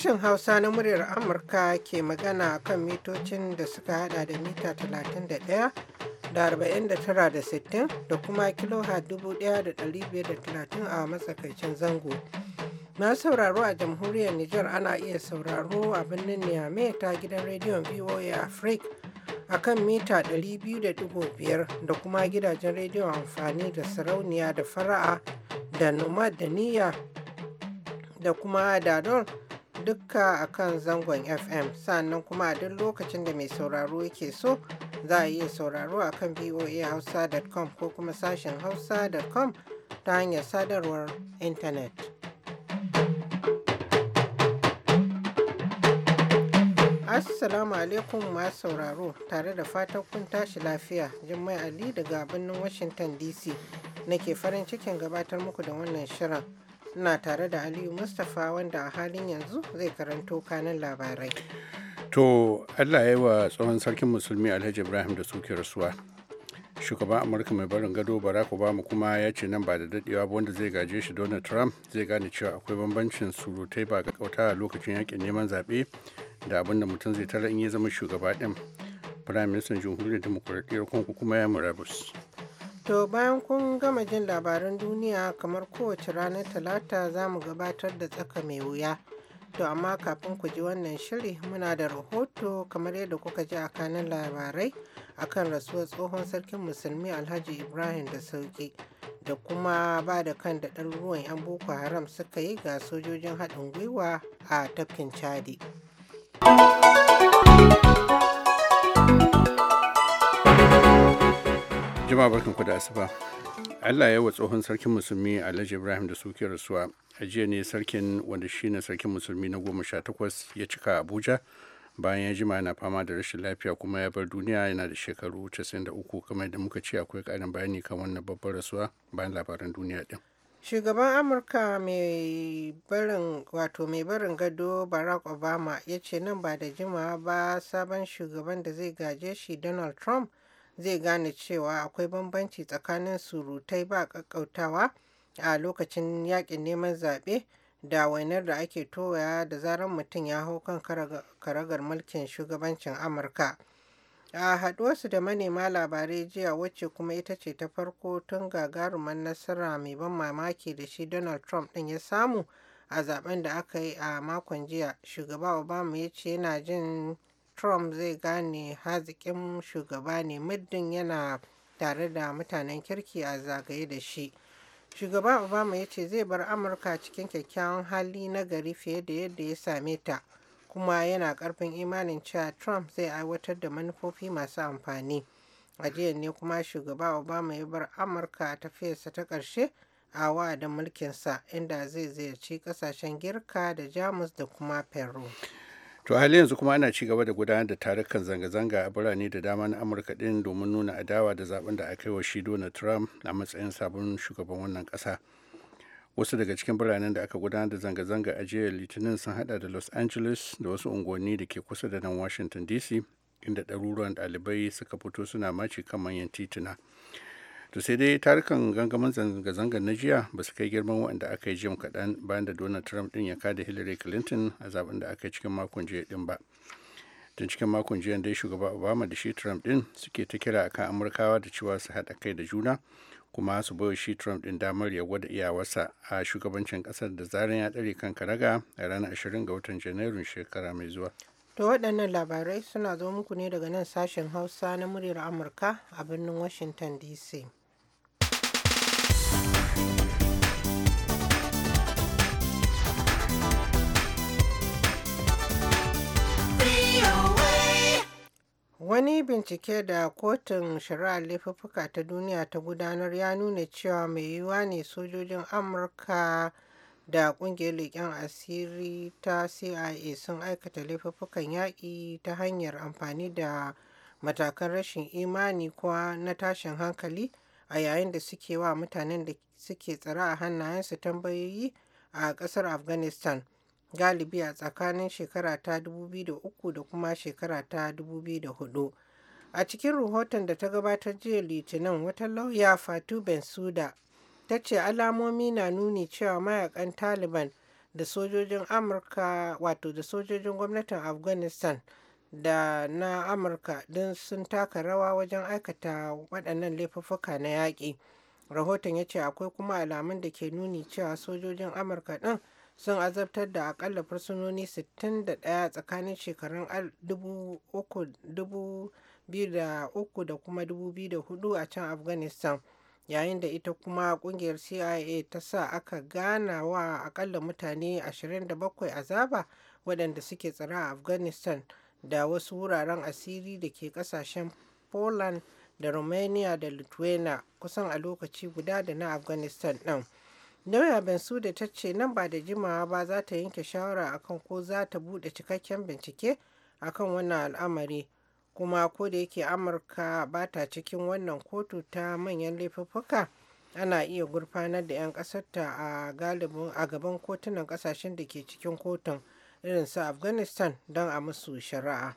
Sashen Hausa na muryar Amurka ke magana kan mitocin da suka hada da mita 31 da 49 da 60 da kuma kiloha 1530 a matsakaicin zango. Na sauraro a jamhuriyar Nijar ana iya sauraro a birnin Niamey ta gidan rediyon VOA afrika a kan mita 200.5 da kuma gidajen rediyon amfani da sarauniya da fara'a da nomad da niyya da kuma dadon dukka a kan zangon FM sannan kuma a duk lokacin da mai sauraro yake so za a iya sauraro a kan voahausa.com ko kuma sashen hausa.com ta hanyar sadarwar intanet. Assalamu alaikum masu sauraro tare da fatan kun tashi lafiya Jummai Ali daga birnin Washington DC nake farin cikin gabatar muku da wannan shirin. Ina tare da Aliyu Mustapha wanda a halin yanzu zai karanto kanan labarai. To Allah ya yi wa tsohon sarkin musulmi Alhaji Ibrahim da suke rasuwa. Shugaban Amurka mai barin gado Barack Obama kuma ya ce nan ba da dadewa ba wanda zai gaje shi Donald Trump zai gane cewa akwai bambancin surutai ba ga kauta a lokacin yakin neman zaɓe da abin da mutum zai tara in ya zama shugaba ɗin. prime minister Jamhuriyar Dimokuraɗiyyar Kongo kuma ya murabus. To bayan kun gama jin labaran duniya kamar kowace ranar talata za mu gabatar da tsaka mai wuya. To amma kafin ku ji wannan shiri muna da rahoto kamar yadda kuka ji a kanin labarai akan rasuwar tsohon sarkin musulmi Alhaji Ibrahim da sauki da kuma ba da kan da ɗaruruwan 'yan Boko Haram suka yi ga sojojin haɗin gwiwa a tafkin Chadi. jama'a barkanku da asuba allah ya wa tsohon sarkin musulmi alhaji ibrahim da suke rasuwa a jiya ne sarkin wanda shine sarkin musulmi na goma sha takwas ya cika abuja bayan ya jima yana fama da rashin lafiya kuma ya bar duniya yana da shekaru 93 kamar da muka ce akwai karin bayani kan wannan babbar rasuwa bayan labaran duniya din shugaban amurka mai barin wato mai barin gado barack obama ya ce nan ba da jima ba sabon shugaban da zai gaje shi donald trump zai gane cewa akwai bambanci tsakanin surutai ba ƙaƙƙautawa a lokacin yaƙin neman zaɓe da wainar da ake toya da zarar mutum ya hau kan karagar mulkin shugabancin amurka a haɗuwarsu da manema labarai jiya wacce kuma ita ce ta farko tun gagarumar nasara mai ban mamaki da shi donald trump ɗin ya samu a zaben da aka yi a makon jiya shugaba obama ya ce yana jin Trump zai gane haziƙin shugaba ne muddin yana tare da mutanen kirki a zagaye da shi. Shugaba Obama ya ce zai bar Amurka cikin kyakkyawan hali na gari fiye da yadda ya same ta, kuma yana ƙarfin imanin cewa Trump zai aiwatar da manufofi masu amfani. A jiya ne kuma shugaba Obama ya bar Amurka a tafiyarsa ta ƙarshe a wa'adin mulkinsa inda zai ziyarci ƙasashen Girka da Jamus da kuma Peru. to hali yanzu kuma ana ci gaba da gudanar da tarukan zanga-zanga a birane da dama na amurka din domin nuna adawa da zaben da aka yi wa shi donald trump a matsayin sabon shugaban wannan kasa wasu daga cikin biranen da aka gudanar da zanga-zanga a jiya litinin sun hada da los angeles da wasu unguwanni da ke kusa da nan washington dc inda ɗaruruwan ɗalibai suka fito suna mace kan manyan tituna. to sai dai tarukan gangamin zanga-zangar na jiya ba su kai girman waɗanda aka yi jim kaɗan bayan da donald trump din ya kada hillary clinton a zaben da aka yi cikin makon jiya ɗin ba tun cikin makon jiya dai shugaba obama da shi trump ɗin suke ta kira akan amurkawa da cewa su haɗa kai da juna kuma su bai shi trump ɗin damar ya gwada iyawarsa a shugabancin ƙasar da zaren ya ɗare kan karaga a ranar 20 ga watan janairun shekara mai zuwa To waɗannan labarai suna zo muku ne daga nan sashen Hausa na muryar Amurka a birnin Washington DC. Wani bincike da Kotun shari'a laifuka ta Duniya ta gudanar ya nuna cewa mai yiwuwa ne sojojin Amurka da ƙungiyar leƙen asiri ta CIA sun aikata laifuffukan yaƙi ta hanyar amfani da matakan rashin imani ko na tashin hankali a yayin da suke wa mutanen da suke tsare a hannayensu tambayoyi a ƙasar afghanistan galibi a tsakanin shekara ta 2003 da kuma shekara ta 2004 a cikin rahoton da ta gabatar jiya litinin wata lauya fatu Suda ta ce alamomi na nuni cewa mayakan taliban da sojojin amurka wato da sojojin gwamnatin afghanistan da na amurka din sun taka rawa wajen aikata waɗannan laifuffuka na yaƙi rahoton ya ce akwai kuma alamun da ke nuni cewa sojojin amurka ɗin sun azabtar da akalla fursunoni 61 tsakanin shekarun 2003 da kuma 2004 a can afghanistan yayin da ita kuma kungiyar cia ta sa aka gana wa akalla mutane 27 azaba waɗanda suke tsara a afghanistan da wasu wuraren asiri da ke kasashen poland da romania da lithuania kusan a lokaci guda da na afghanistan ɗin lauya da ta ce nan ba da jimawa ba za ta yanke shawara akan ko za ta buɗe cikakken bincike akan wannan al'amari kuma ko da yake amurka ba ta cikin wannan kotu ta manyan laifuffuka ana iya gurfanar da 'yan ƙasarta a a gaban kotunan ƙasashen da ke cikin kotun irin su afghanistan don a musu shari'a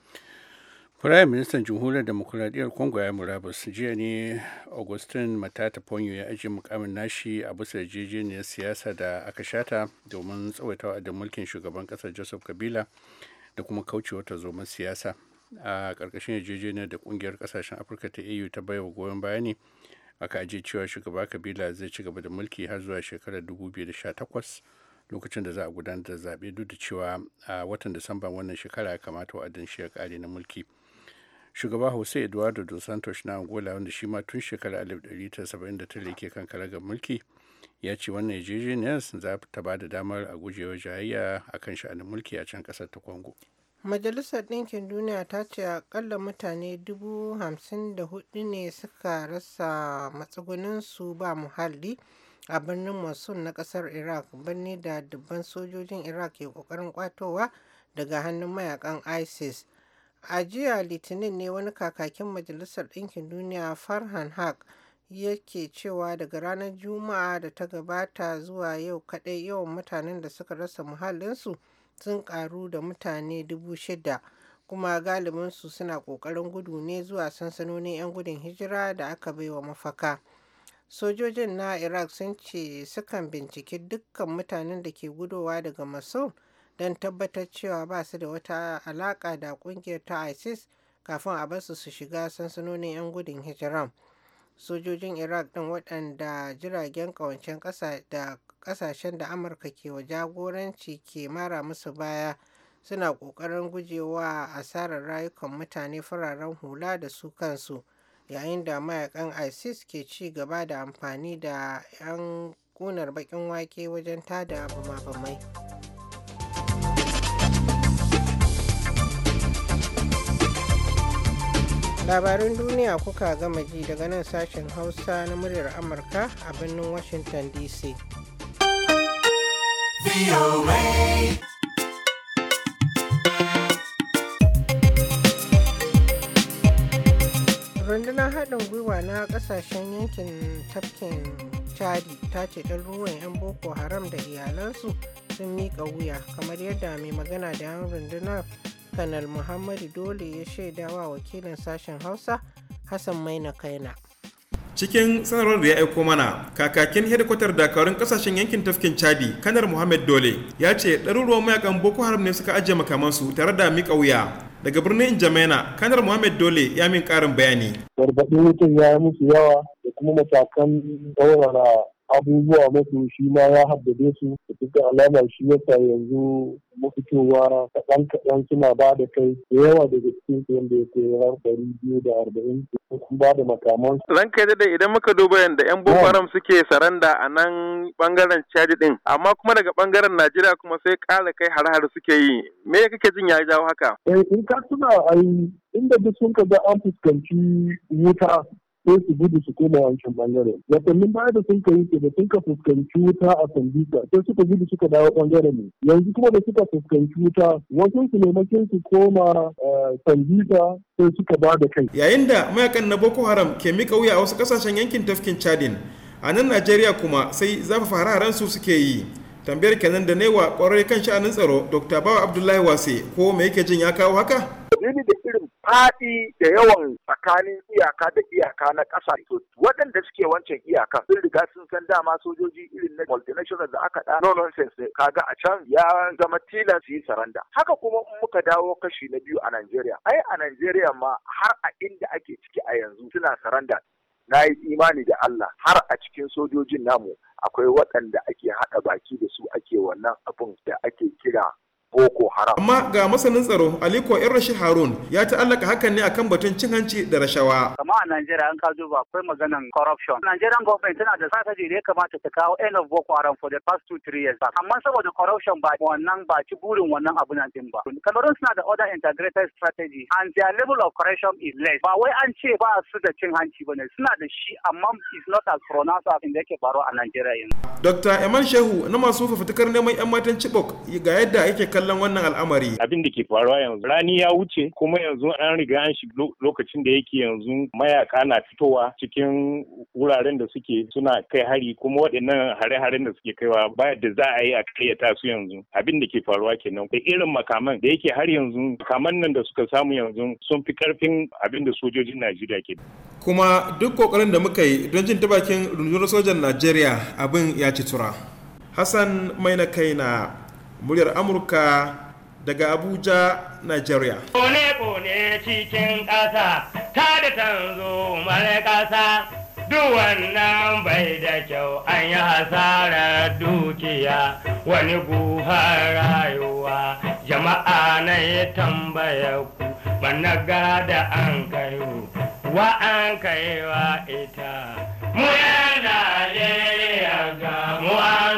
Firayim Ministan Jamhuriyar Demokuraɗiyyar Congo ya murabus jiya ne Augustin Matata Ponyo ya ajiye mukamin nashi a bisa yarjejeniyar siyasa da aka shata domin tsawaitawa da mulkin shugaban ƙasar Joseph Kabila da kuma kaucewa zoman siyasa. A ƙarƙashin yarjejeniyar da ƙungiyar ƙasashen Afirka ta EU ta baiwa goyon baya ne aka ajiye cewa shugaba Kabila zai ci gaba da mulki har zuwa shekarar 2018 lokacin da za a gudanar da zaɓe duk da cewa a watan disamba wannan shekara ya kamata wa shi ya na mulki shugaba hausa eduardo dos santos na angola wanda shi ma tun shekarar 1979 yake kan ga mulki ya ce wannan yarjejeniyar za ta ba da damar a gujewa jayayya a kan sha'anin mulki a can ƙasar ta congo majalisar ɗinkin duniya ta ce akalla mutane dubu hamsin da hudu ne suka rasa matsugunansu ba muhalli a birnin mosul na kasar iraq birni da dubban sojojin iraq ke kokarin kwatowa daga hannun mayakan isis a jiya litinin ne wani kakakin majalisar ɗinkin duniya farhan haq yake cewa daga ranar juma'a da ta gabata zuwa yau kadai yawan mutanen da suka rasa muhallinsu sun karu da mutane dubu shida kuma galibinsu suna ƙoƙarin gudu ne zuwa sansanonin 'yan gudun hijira da aka baiwa mafaka sojojin na iraq sun ce sukan binciki dukkan mutanen da ke gudowa daga masau don tabbatar cewa ba su da wata alaka da kungiyar ta isis kafin a basu su shiga sansanonin 'yan gudun hijiran sojojin iraq din waɗanda jiragen ƙawancen ƙasashen da amurka ke wa jagoranci ke mara musu baya suna ƙoƙarin gujewa asarar rayukan mutane fararen hula da su kansu yayin da mayakan isis ke ci gaba da amfani da 'yan kunar bakin wake wajen tada bamabamai. labarin duniya kuka gama ji daga nan sashen hausa na muryar amurka a birnin washington dc rundunar haɗin gwiwa na ƙasashen yankin tafkin chadi ta ce ɗaruruwan 'yan boko haram da iyalansu sun miƙa wuya kamar yadda mai magana da 'yan rundunar kanal muhammadu dole ya shaida wa wakilin sashen hausa hassan maina kaina cikin sanarwar da ya aiko mana kakakin hedikwatar dakarun kasashen yankin tafkin chadi kanar muhammad dole ya ce ɗaruruwan mayakan boko haram ne suka ajiye makamansu tare da miƙa wuya daga birnin jamaina kanar Muhammad Dole ya min karin bayani. Gargaɗin mutum ya musu yawa da kuma matakan tsaurara abubuwa mafi shi ma ya haddade su da duka alama shi yasa yanzu mafitowa kaɗan kaɗan suna ba da kai da yawa daga cikin su wanda ya kai har ɗari biyu da arba'in sun ba da makaman. kai da idan muka duba yadda 'yan Boko Haram suke saranda a nan ɓangaren Chadi ɗin, amma kuma daga ɓangaren Najeriya kuma sai ƙara kai har-har suke yi me kake jin ya jawo haka? Eh in ka tuna ai inda duk sun ka ga an fuskanci wuta sai su gudu su koma wancan bangaren watannin baya da sun kai ke da sun ka fuskanci wuta a sandika sai suka gudu suka dawo bangaren ne yanzu kuma da suka fuskanci wuta wasu su maimakin su koma eh, sandika sai suka ba da kai yayin da mayakan na boko haram ke mika wuya a wasu kasashen yankin tafkin chadin a nan najeriya kuma sai zafafa hararen su suke yi tambayar kenan da wa kwarai kan sha'anin tsaro dr bawa abdullahi wase ko me yake jin ya kawo haka irin faɗi da yawan tsakanin iyaka da iyaka na ƙasa waɗanda suke wancan iyaka sun riga sun san dama sojoji irin na multinational da aka ɗa Nonon nonsense ne kaga a can ya zama tilas su yi saranda haka kuma in muka dawo kashi na biyu a Najeriya ai a Najeriya ma har a inda ake ciki a yanzu suna saranda na yi imani da Allah har a cikin sojojin namu akwai waɗanda ake haɗa baki da su ake wannan abun da ake amma ga masanin tsaro aliko yan rashid harun ya ta'allaka hakan ne akan batun cin hanci da rashawa a Najeriya an ka duba akwai maganan corruption. Nigerian government tana da strategy da ya kamata ta kawo end of Boko Haram for the past two three years Amma saboda corruption ba wannan ba ci burin wannan abu na din ba. Cameroon suna da other integrated strategy and their level of corruption is less. Ba wai an ce ba su da cin hanci ba ne suna da shi amma is not as pronounced as da yake faruwa a Najeriya yanzu. Dr. Eman Shehu na masu fafutukar neman 'yan matan Chibok ga yadda yake kallon wannan al'amari. Abin da ke faruwa yanzu rani ya wuce kuma yanzu an riga an shiga lokacin da yake yanzu maya mayaka na fitowa cikin wuraren da suke suna kai hari kuma waɗannan hare-haren da suke kaiwa ba da za a yi a kayyata su yanzu abin da ke faruwa kenan da irin makaman da yake har yanzu makaman nan da suka samu yanzu sun fi karfin abin da sojojin Najeriya ke kuma duk kokarin da muka yi don jin ta bakin rundunar sojan Najeriya abin ya ci tura Hassan mai na kai na muryar Amurka daga Abuja, Nigeria. Bone-bone cikin ƙasa ta da tanzo mara kasa duk wannan bai da kyau an yi hasarar dukiya wani guhar rayuwa jama'a na yi tambaya ku bana gada an kayo wa an wa ita mu yana da ga mu an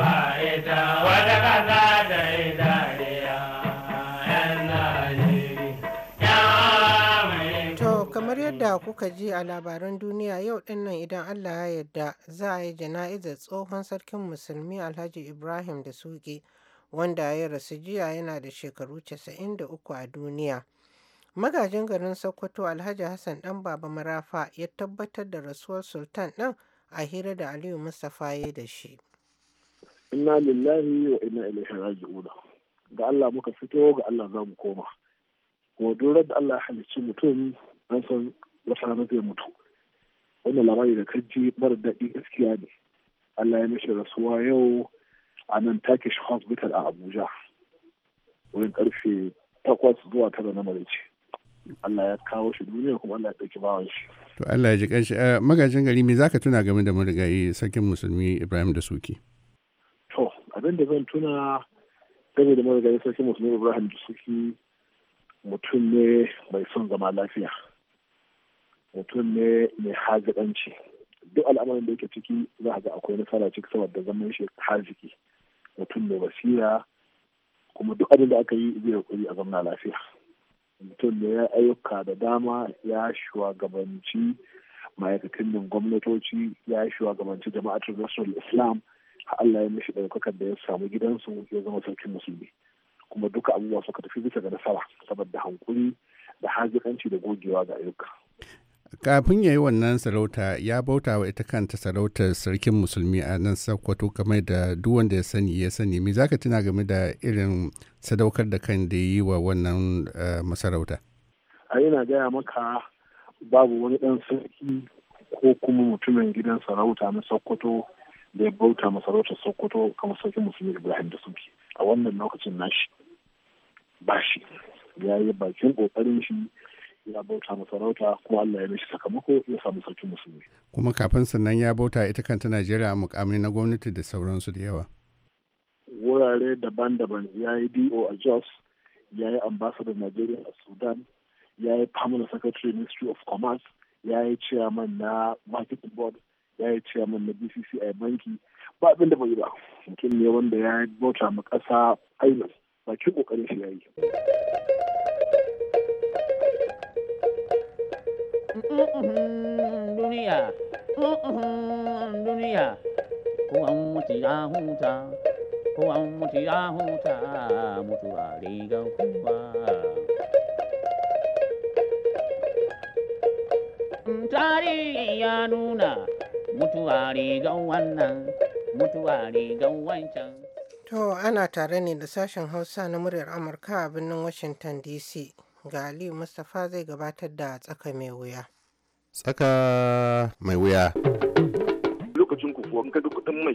wa ita wata kasa kuka ji a labaran duniya yau dinnan idan Allah ya yarda za a yi jana'izar tsohon sarkin musulmi Alhaji Ibrahim da Suke, wanda ya rasu jiya yana da shekaru 93 a duniya. Magajin garin Sokoto Alhaji Hassan ɗan Baba Marafa ya tabbatar da rasuwar Sultan ɗin a hira da Aliyu Mustapha ya da shi. Inna lillahi wa inna ilaihi raji'un. Ga Allah muka fito ga Allah za mu koma. Godorar da Allah ya halicci mutum an san wata rana mutu wannan labari da kaji mara daɗi gaskiya ne Allah ya mishi rasuwa yau a nan Turkish Hospital a Abuja wurin karfe takwas zuwa tara na marici Allah ya kawo shi duniya kuma Allah ya ɗauki bawan shi to Allah ya ji kanshi eh, magajin gari me zaka tuna game da marigayi sarkin musulmi Ibrahim da Suki to abin da zan tuna game da marigayi sarkin musulmi Ibrahim da Suki mutum ne mai son zama lafiya mutum ne mai haziƙanci duk al'amarin da yake ciki za a ga akwai nasara ciki saboda zaman shi haziki mutum mai basira kuma duk abin da aka yi zai kuri a zamana lafiya mutum ne ya ayyuka da dama ya shugabanci ma'aikatan nan gwamnatoci ya shugabanci jama'atul rasul islam Allah ya mishi daukakar da ya samu gidansu ya zama sarkin musulmi kuma duka abubuwa suka tafi bisa ga nasara saboda hankuri da hazikanci da gogewa ga ayyuka kafin ya yi wannan sarauta ya bauta wa ita kanta sarautar sarkin musulmi a nan sakwato kamar da duk wanda ya sani ya sani me zaka tuna game da irin sadaukar da kan da yi wa wannan eh, masarauta a yana gaya maka babu wani ɗan sarki ko kuma mutumin gidan sarauta na sakwato da ya bauta masarautar sakwato kamar sarkin musulmi ibrahim da suke a wannan lokacin nashi ba shi ya yi bakin kokarin shi ya bauta ma sarauta kuma Allah ya mishi sakamako ya samu sarkin musulmi. Kuma kafin sannan ya bauta ita kanta Najeriya a mukamai na gwamnati da sauransu da yawa. Wurare daban-daban ya yi DO a Jos, ya yi ambasadar Najeriya a Sudan, ya yi permanent secretary ministry of commerce, ya yi chairman na marketing board, ya yi chairman na BCCI banki, ba abin da bai ba. Mutum ne wanda ya bauta ma ƙasa ainihin bakin ƙoƙarin shi ya yi. duniya duniya ko an mutu ya huta ko mutu ya huta mutuwa rigar kuma tarihi ya nuna mutuwa rigar wannan mutuwa rigar wancan To ana tare ne da sashen Hausa na muryar Amurka a birnin Washington DC. Ga Aliyu Mustapha zai gabatar da tsaka mai wuya. tsaka mai wuya. Lokacin kufuwa in kaga mai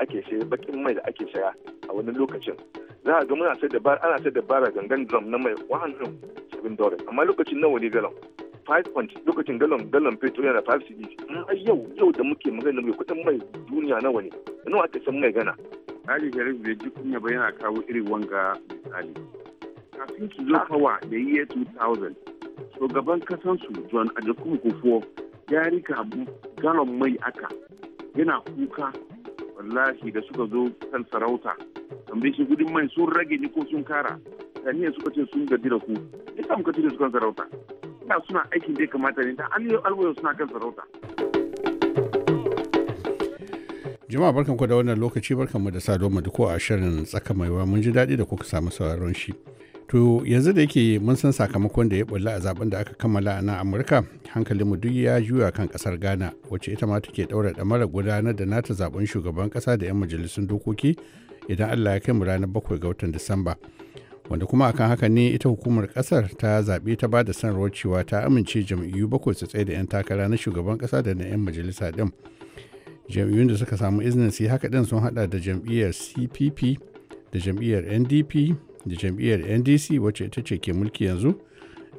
ake saya bakin mai da ake saya a wani lokacin. Za a ga muna sai dabara ana sai bara gangan drum na mai 107 dollars amma lokacin nawa ne galon. 5 point lokacin galon galon petrol yana 5 cd. ai yau yau da muke magana mai kudin mai duniya nawa ne. Nawa aka san mai gana. Ali Sharif bai ji kunya ba yana kawo irin wanga misali. Kafin ki zo kawa ah. da year 2000 shugaban kasansu john adekun kufuwa ya rika galon mai aka yana kuka wallahi da suka zo kan sarauta tambaye shi gudun mai sun rage ni ko sun kara saniya suka ce sun gaji da ku ita muka cire su kan sarauta ina suna aikin da ya kamata ne da alwaya suna kan sarauta jama'a barkanku da wannan lokaci barkanmu da sadoma mu ko a shirin tsaka maiwa mun ji daɗi da kuka samu sauraron shi To yanzu da yake mun san sakamakon da ya bulla a zaben da aka kammala a nan Amurka, mu duk ya juya kan kasar Ghana, wacce ita ma take daura mara gudanar da nata zaben shugaban ƙasa da 'yan majalisun dokoki idan Allah ya kai mu ranar bakwai ga watan Disamba. Wanda kuma akan haka ne ita hukumar ƙasar ta zaɓe ta ba da sanarwar cewa ta amince jam'iyyu bakwai su tsaye da 'yan takara na shugaban ƙasa da na 'yan majalisa ɗin. Jam'iyyun da suka samu izinin su yi haka ɗin sun haɗa da jam'iyyar CPP da jam'iyyar NDP da jam'iyyar ndc wacce ita ce ke mulki yanzu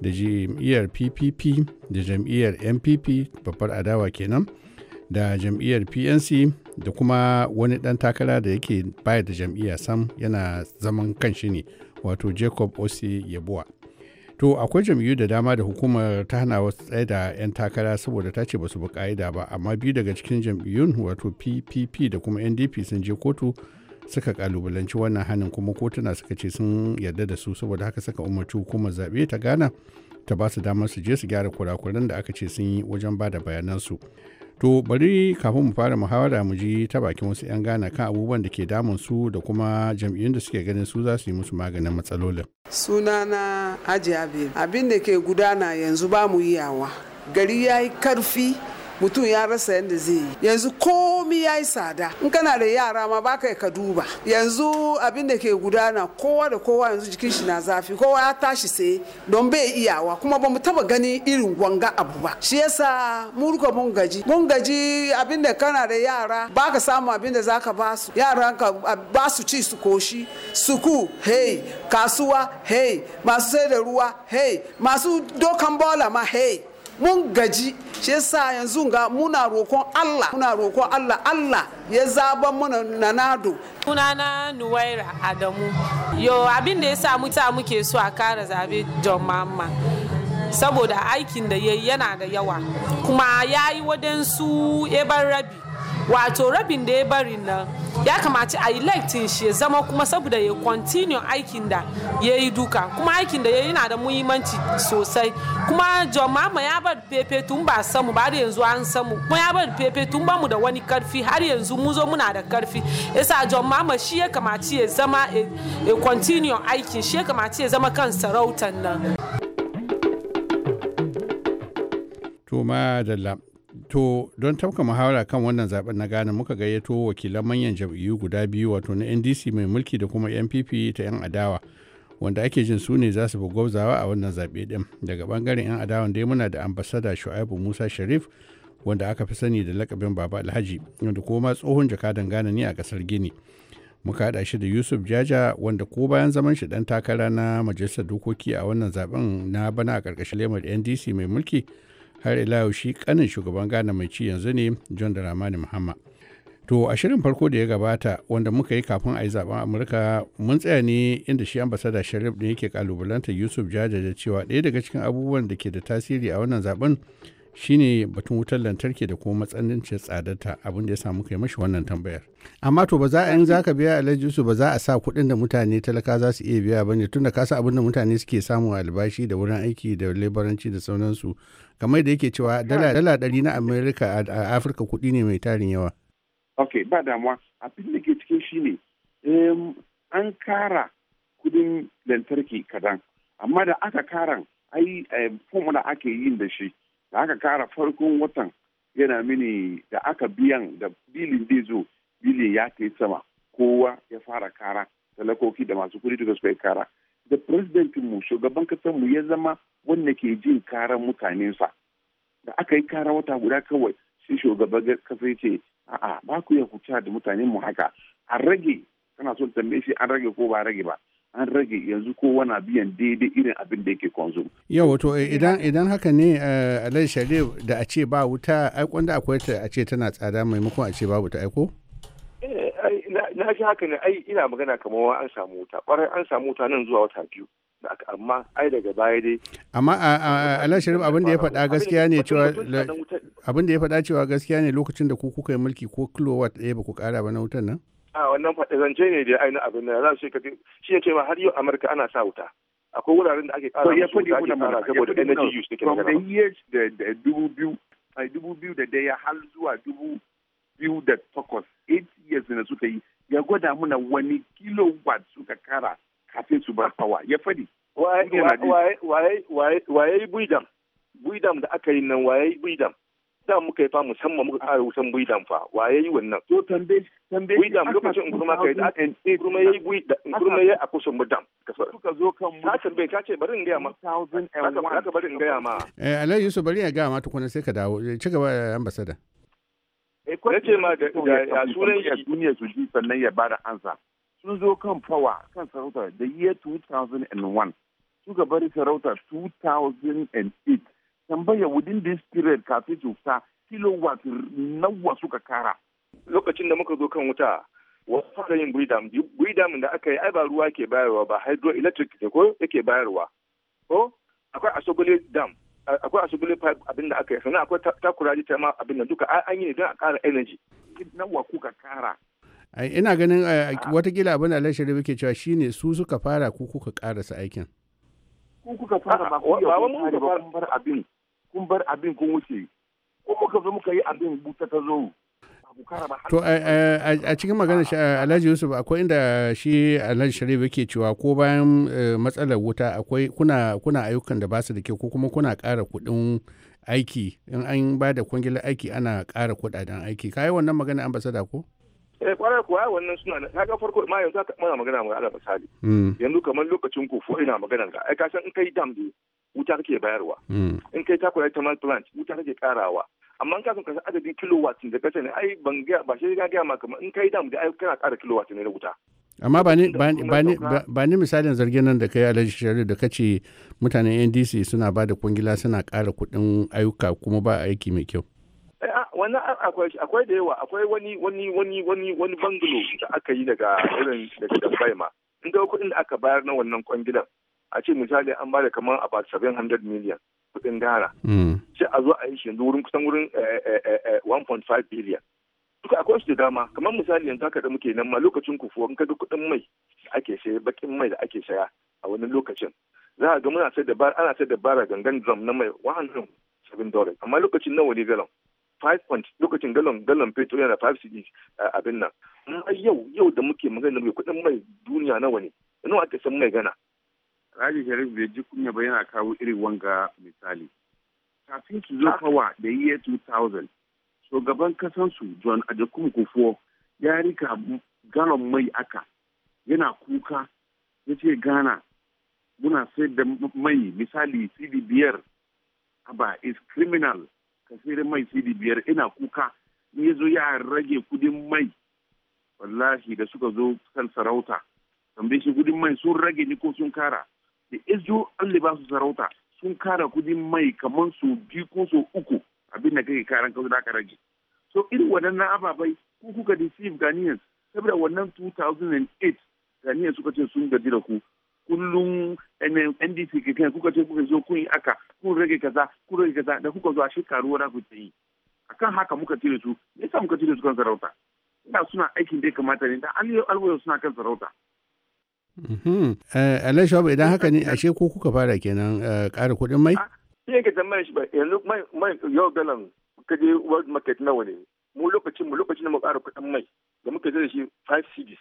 da jam'iyyar ppp da jam'iyyar npp babbar adawa kenan da jam'iyyar pnc da kuma wani ɗan takara da yake baya da jam'iyya sam yana zaman kanshi ne wato jacob osi yabuwa to akwai jam'iyyu da dama da hukumar ta hana wasu tsaye da 'yan takara saboda ta ce ba su ba amma biyu daga cikin jam'iyyun wato ppp da kuma ndp sun je kotu suka kalubalanci wannan hanin kuma kotuna suka ce sun yarda da su saboda haka suka umarci hukumar zaɓe ta gana ta ba su damar su je su gyara kurakuran da aka ce sun yi wajen ba da bayanansu to bari kafin mu fara muhawara mu ji ta bakin wasu 'yan gana kan abubuwan da ke damun su da kuma jam'iyyun da suke ganin su za su yi musu maganin matsalolin sunana hajiya abin da ke gudana yanzu ba mu yawa gari ya yi karfi mutum ya rasa yadda zai yi yanzu komi ya yi tsada in kana da yara ma ba ka duba yanzu abin da ke gudana kowa da kowa yanzu jikin shi na zafi kowa ya tashi sai don bai iyawa kuma ba mu taba gani irin gwanga abu ba shi yasa mu ruka mun gaji mun gaji abin da kana da yara ba ka samu abin da zaka ba su yara ka ba su ci su koshi suku hey kasuwa hey masu sai da ruwa hey masu dokan bola ma hey mun gaji shi yasa yanzu ga muna roƙon Allah muna roƙon Allah Allah ya zaba mana nanado na Nuwaira Adamu yo abin da yasa muta muke so a kara zabe John Mamma saboda aikin da yayi yana da yawa kuma yayi wadansu eban rabi wato rabin da ya bari nan ya kamata a yi laifin shi ya zama kuma saboda ya continue aikin da ya yi duka kuma aikin da ya yi na da muhimmanci sosai kuma john mama ya bar pepe tun ba samu ba har yanzu an samu kuma ya bar pepe tun ba mu da wani karfi har yanzu mu zo muna da karfi yasa john mama shi ya kamata ya zama ya continue aikin shi ya kamata ya zama kan sarautan nan to madalla To don tafka muhawara kan wannan zaben na Ghana muka gayyato wakilan manyan jam'iyyu guda biyu wato na NDC mai mulki da kuma NPP ta 'yan adawa wanda ake jin su ne za su fi gwabzawa a wannan zaɓe ɗin. Daga ɓangaren 'yan adawan dai muna da ambasada Shu'aibu Musa Sharif wanda aka fi sani da lakabin Baba Alhaji wanda ma tsohon jakadan Ghana ne a ƙasar Gini. Muka haɗa shi da Yusuf Jaja wanda ko bayan zaman shi ɗan takara na majalisar dokoki a wannan zaɓen na bana a ƙarƙashin lemar NDC mai mulki har ila shi kanin shugaban ghana mai ci yanzu ne john da ramani muhammad to a shirin farko da ya gabata wanda muka yi kafin a yi zaben amurka mun tsaya ne inda shi ambasada sharif ne yake kalubalanta yusuf jaja da cewa ɗaya daga cikin abubuwan da ke da tasiri a wannan zaben shine batun wutar lantarki da kuma matsanancin tsadarta abin da ya samu kai mashi wannan tambayar amma to ba za a yin za ka biya alhaji su ba za a sa kuɗin da mutane talaka za su iya biya ba ne tunda ka sa abin da mutane suke samu albashi da wurin aiki da lebaranci da sauransu kamar da yake cewa dala ɗari na amerika a afirka kuɗi ne mai tarin yawa ok ba damuwa abin da ke cikin shi ne an kara kudin lantarki kadan amma da aka karan ai fomula ake yin da shi da aka kara farkon watan yana mini da aka biyan da bilin zai zo bilin ya kai sama kowa ya fara kara talakoki da masu kudi da suka yi kara da presidentin mu shugaban kasar mu ya zama wanda ke jin karan mutanensa da aka yi kara wata guda kawai shi shugaban kasa ce a'a ba ku ya huta da mutanen mu haka a rage kana son tambaye shi an rage ko ba rage ba an rage yanzu kowa na biyan daidai irin abin da yake consume. Yau wato idan idan haka ne eh, Alhaji Sharif da a ce ba wuta ai da akwai ta a ce tana tsada maimakon a ce ba wuta aiko? Eh, na ji haka ne ai ina magana kamar wa an samu wuta kwarai an samu wuta nan zuwa wata biyu. amma ai daga baya dai amma Alhaji Sharif abin da ya faɗa gaskiya ne cewa abin da ya faɗa cewa gaskiya ne lokacin da ku kuka yi mulki ko kilowatt ɗaya ba ku ƙara ba na wutan nan? a wannan zance ne da ainihin abin da za su ce shi ne cewa ma har yau amurka ana sa wuta akwai wuraren da ake kara musu wuta ake kara saboda energy use da ke da years da dubu biyu a dubu biyu da daya har zuwa dubu biyu da takwas eight years da suka yi ya gwada muna wani kilowatt suka kara kafin su bar hawa ya fadi waye buidam buidam da aka yi nan waye buidam da muka yi fa musamman muka kare wutan buidan fa wa ya yi wannan to tambe tambe buidan lokacin kurma kai da kurma yayi buidan kurma yayi a kusan buidan suka zo kan mu ka tambaye ka ce bari in gaya ma ka bari in gaya ma eh alai yusuf bari ya gaya ma tukuna sai ka dawo eh, ci gaba eh, ambassador eh, na ce ma da sunan ya duniya su ji sannan ya bada ansa sun zo kan fawa kan sarauta da year 2001 suka bari sarauta 2008 tambaya within this period kafin su fita kilowatt nawa suka kara. Lokacin da muka zo kan wuta wasu fara yin buidam buidam da aka yi ai ba ruwa ke bayarwa ba hydroelectric ne ko yake bayarwa ko akwai asogole dam akwai asogole pipe abin da aka yi sannan akwai takuraji ta ma abin da duka an yi ne don a ƙara energy nawa kuka kara ina ganin eh, ah. watakila abin da alashari muke cewa shine su suka fara ku kuka karasa aikin ku kuka fara ba ku ah, fara abin kun bar abin kun wuce ko muka zo muka yi abin buta ta zo To eh, eh, a cikin shi eh, Alhaji Yusuf akwai inda shi Alhaji Sharif yake cewa ko bayan matsalar wuta akwai kuna kuna ayyukan da ba su da kyau ko kuma kuna ƙara kuɗin aiki in an ba da kungiyar aiki ana ƙara kuɗaɗen aiki yi wannan magana ambasada ko? eh kwarar kuwa wannan suna na kaga farko ma yanzu ta mana magana mu ala misali hmm. yanzu kamar lokacin ku ina magana ga ai ka san in kai dam ne wuta kake bayarwa hmm. in kai kula thermal plant wuta kake karawa amma kafin ka kasan adadin kilowatt da kace ne. ai ban ga ba shi ga ga ma kamar in kai dam da ai kana ƙara kilowatt ne na wuta amma ba ni ba ni misalin zargin nan da kai alhaji shari da kace mutanen NDC suna ba da kungila suna ƙara kuɗin ayyuka kuma ba aiki mai kyau eh, wannan akwai akwai da yawa akwai wani wani wani wani wani bangalo da aka yi daga irin daga Dambaima in ga kuɗin da aka bayar na wannan kungilan a ce misali an ba da kamar about 700 million kudin dara hmm. sai a zo a yi shi wurin kusan wurin 1.5 eh, eh, eh, billion duka akwai su da dama kamar misali yanzu haka da muke nan ma lokacin kufuwa in ka kudin mai da ake saya bakin mai da ake saya a wani lokacin za a ga muna sai da ana sai da bara gangan drum na mai 107 dollars amma lokacin nawa ne galon 5 point lokacin galon galon petrol yana 5 cd abin nan amma yau yau da muke magana mai kudin mai duniya nawa ne nawa aka san mai gana Raji Sharif bai ji kunya ba yana kawo irin wanga misali. Kafin su zo kawa da yi 2000, shugaban kasansu John Adekun kufuwa ya rika galon mai aka yana kuka ya ce gana muna sayar da mai misali CD biyar ba is criminal ka mai CD biyar ina kuka in ya zo ya rage kudin mai wallahi da suka zo kan sarauta tambaye shi kudin mai sun rage ni ko sun kara da izo eh, an ba su sarauta sun kara kudin mai kamar su biyu ko su uku abin da kake karan kawai da aka rage so irin waɗannan ababai ku kuka deceive Ghanaians saboda wannan 2008 Ghanaians suka ce sun gaji da ku kullum NDC ke kai kuka ce kuka zo kun yi aka kun rage kaza kun rage kaza da kuka zo a shekaru wani ku ta yi akan haka muka cire su me yasa muka cire su kan sarauta ina suna aikin da ya kamata ne da alwayo suna kan sarauta Mm-hmm. Eh, Allah shabu idan haka ne ashe ko kuka fara kenan eh, ƙara kuɗin mai? Iya ka tambayar shi ba yanzu mai yau galan ka je world market nawa ne mu lokacin mu lokacin da mu ƙara kuɗin mai da muka zai shi 5 cities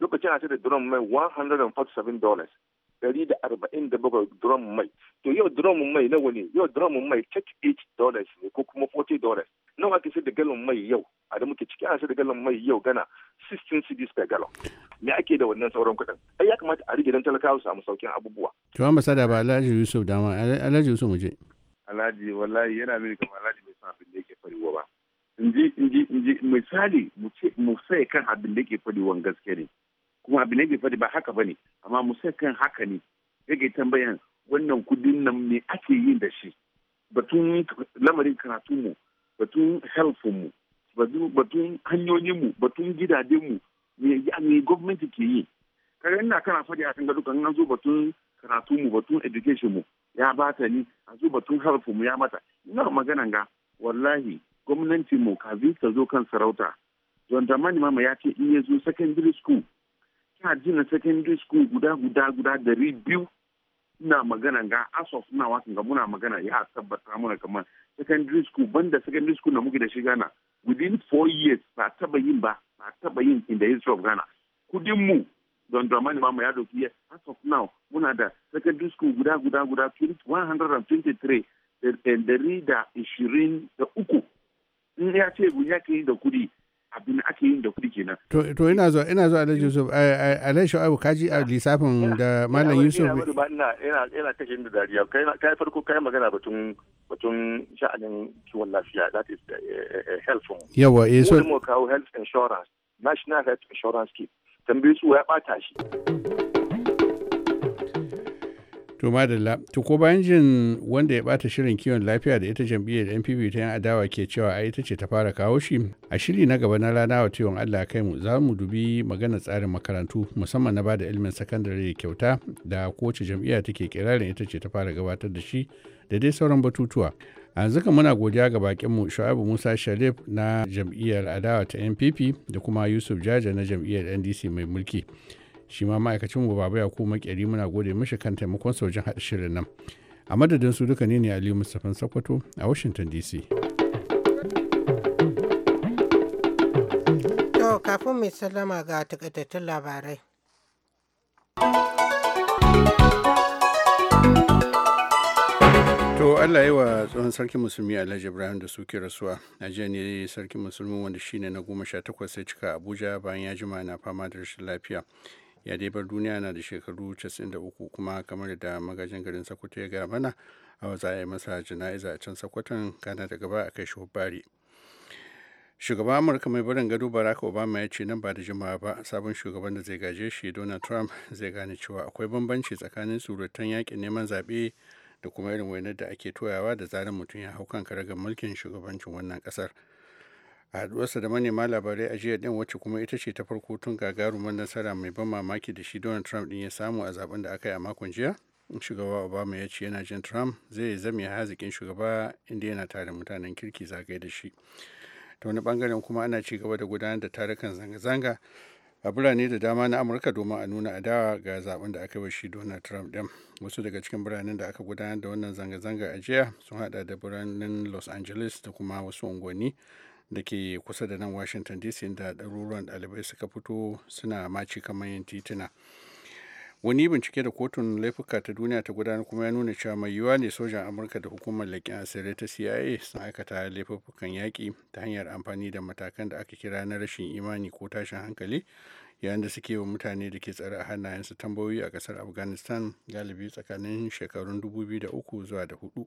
lokacin a sai da drone mai 147 dollars 147 drum mai to yau drum mai nawa ne yau drum mai 38 dollars ne ko kuma 40 dollars nawa ake sayar da gallon mai yau a da muke ciki ana sayar da gallon mai yau gana 16 cedis per gallon me ake da wannan sauran kuɗin ai ya kamata a rige dan talakawa samu saukin abubuwa to amma sada ba Alhaji Yusuf dama Alhaji Yusuf muje Alhaji wallahi yana mini kamar Alhaji bai san abin da yake faruwa ba in ji in ji in ji misali mu ce mu sai kan abin da yake faruwa gaske ne kuma abin da bai faɗi ba haka bane amma kan haka ne yake tambayan wannan kudin nan me ake yin da shi batun lamarin karatu mu batun helfin mu batun hanyoyin mu batun gidajen mu me gwamnati ke yi kaga ina kana faɗi a kan gadukan an zo batun karatu mu batun education mu ya bata ni a zo batun helfin mu ya mata ina magana ga wallahi gwamnati mu kafin ta zo kan sarauta zonta mani Mama ya ce in ya zo secondary school ji jina secondary school guda guda guda dari biyu na magana ga asos na wasan ga muna magana ya tabbata muna kamar secondary school banda secondary school na muke da shi gana within four years ba taba yin ba ba taba yin in the history of Ghana kudin mu don dramani ma ya doki ya as of now muna da secondary school guda guda guda 123 da dari da ishirin da uku in ya ce ya ke yi da kudi abin ake yin da kuɗi kenan. To ina zuwa ina zo Alhaji Yusuf Alhaji Shu'aibu ka a lissafin da Malam Yusuf. Ina ina ina ina da dariya kai kai farko kai magana batun batun sha'anin kiwon lafiya that is eh, eh, eh, health. Yawa eh so. Mu kawo health insurance national health insurance scheme tambayi su ya bata shi. To madalla, to ko bayan jin wanda ya bata shirin kiwon lafiya da ita jam'iyyar NPP ta yan adawa ke cewa a ita ce ta fara kawo shi, a shiri na gaba na rana wa tiwon Allah kai mu za mu dubi magana tsarin makarantu musamman na bada ilimin sakandare kyauta da kowace jam'iyya take kirarin ita ce ta fara gabatar da shi da dai sauran batutuwa. yanzu kan muna godiya ga bakin mu shu'abu musa sharif na jam'iyyar adawa ta npp da kuma yusuf jaja na jam'iyyar ndc mai mulki shi ma ma'aikacin mu baba ya kuma makeri muna gode mishi kan taimakon sojin haɗa shirin nan a madadin su duka ne ne ali mustapha sakwato a washington dc to kafin mai sallama ga takaitattun labarai To Allah yi wa tsohon sarkin musulmi Alhaji Ibrahim da suke rasuwa. A jiya ne sarkin musulmi wanda shine na goma sha takwas sai cika Abuja bayan ya jima na fama da rashin lafiya. ya dai bar duniya na da shekaru 93 kuma kamar da magajin garin sokoto ya gaya mana a za a masa jana'iza a can sokoton kana da gaba a kai shi bari shugaban amurka mai barin gado barack obama ya ce nan ba da jimawa ba sabon shugaban da zai gaje shi donald trump zai gane cewa akwai bambanci tsakanin surutan yakin neman zaɓe da kuma irin wainar da ake toyawa da zarar mutum ya hau kan karagar mulkin shugabancin wannan ƙasar. a haduwarsa da manema labarai a jiya din wacce kuma ita ce ta farko tun gagarumar nasara mai ban mamaki da shi donald trump din ya samu a zaben da aka yi a makon jiya shugaba obama ya ce yana jin trump zai zame hazikin shugaba inda yana tare mutanen kirki zagaye da shi ta wani bangaren kuma ana ci gaba da gudanar da tarukan zanga-zanga a birane da dama na amurka domin a nuna adawa ga zaben da aka shi donald trump din wasu daga cikin biranen da aka gudanar da wannan zanga-zanga a jiya sun hada da biranen los angeles da kuma wasu unguwanni da ke kusa da nan washington dc inda ɗaruruwan ɗalibai suka fito suna maci kamar yin tituna wani bincike da kotun laifuka ta duniya ta gudanar kuma ya nuna cewa mai yiwuwa ne sojan amurka da hukumar laƙin asirai ta cia sun aikata laifukan yaƙi ta hanyar amfani da matakan da aka kira na rashin imani ko tashin hankali yayin da suke wa mutane da ke tsare a hannayensu tambayoyi a ƙasar afghanistan galibi tsakanin shekarun 2003 zuwa da hudu.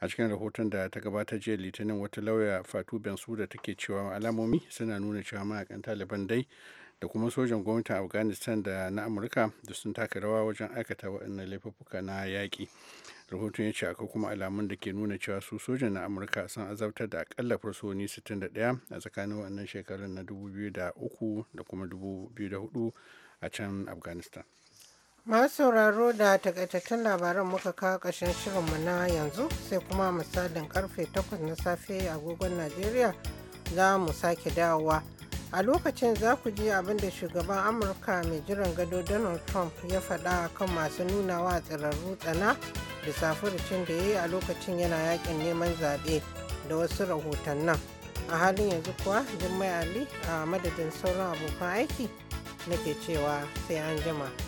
a cikin rahoton da ta gabata jiya litinin wata lauya fatu da take cewa alamomi suna nuna cewa mayakan taliban dai da kuma sojan gwamnatin afghanistan da na amurka da sun taka rawa wajen aikata waɗannan laifuka na yaƙi rahoton ya ce akwai kuma alamun da ke nuna cewa su sojan na amurka sun azabtar da akalla fursoni 61 a tsakanin wannan shekarun na 2003 da kuma 2004 a can afghanistan Masu sauraro da takaitattun labaran muka kawo ƙarshen shirinmu na yanzu sai kuma misalin karfe 8 na safe agogon Najeriya za mu sake dawowa. A lokacin za ku ji abin da shugaban Amurka mai jiran gado Donald Trump ya faɗa kan masu nuna wa tsirarru tsana da safuricin da ya yi a lokacin yana yakin neman zaɓe da wasu rahotannan. A halin yanzu kuwa Jummai Ali a madadin sauran abokan aiki nake cewa sai an jima.